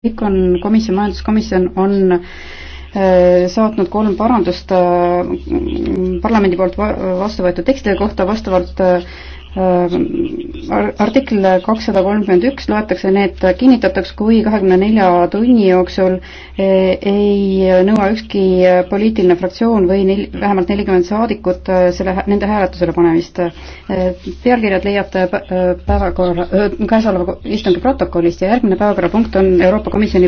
Econ komisjon, majanduskomisjon on äh, saatnud kolm parandust äh, parlamendi poolt vastu võetud tekstide kohta vastavalt äh, artikkel kakssada kolmkümmend üks loetakse need kinnitatuks, kui kahekümne nelja tunni jooksul eh, ei nõua ükski poliitiline fraktsioon või nel, vähemalt nelikümmend saadikut eh, selle, nende hääletusele panemist. Eh, pealkirjad leiate päevakorra, käesoleva istungi protokollist ja järgmine päevakorrapunkt on Euroopa Komisjoni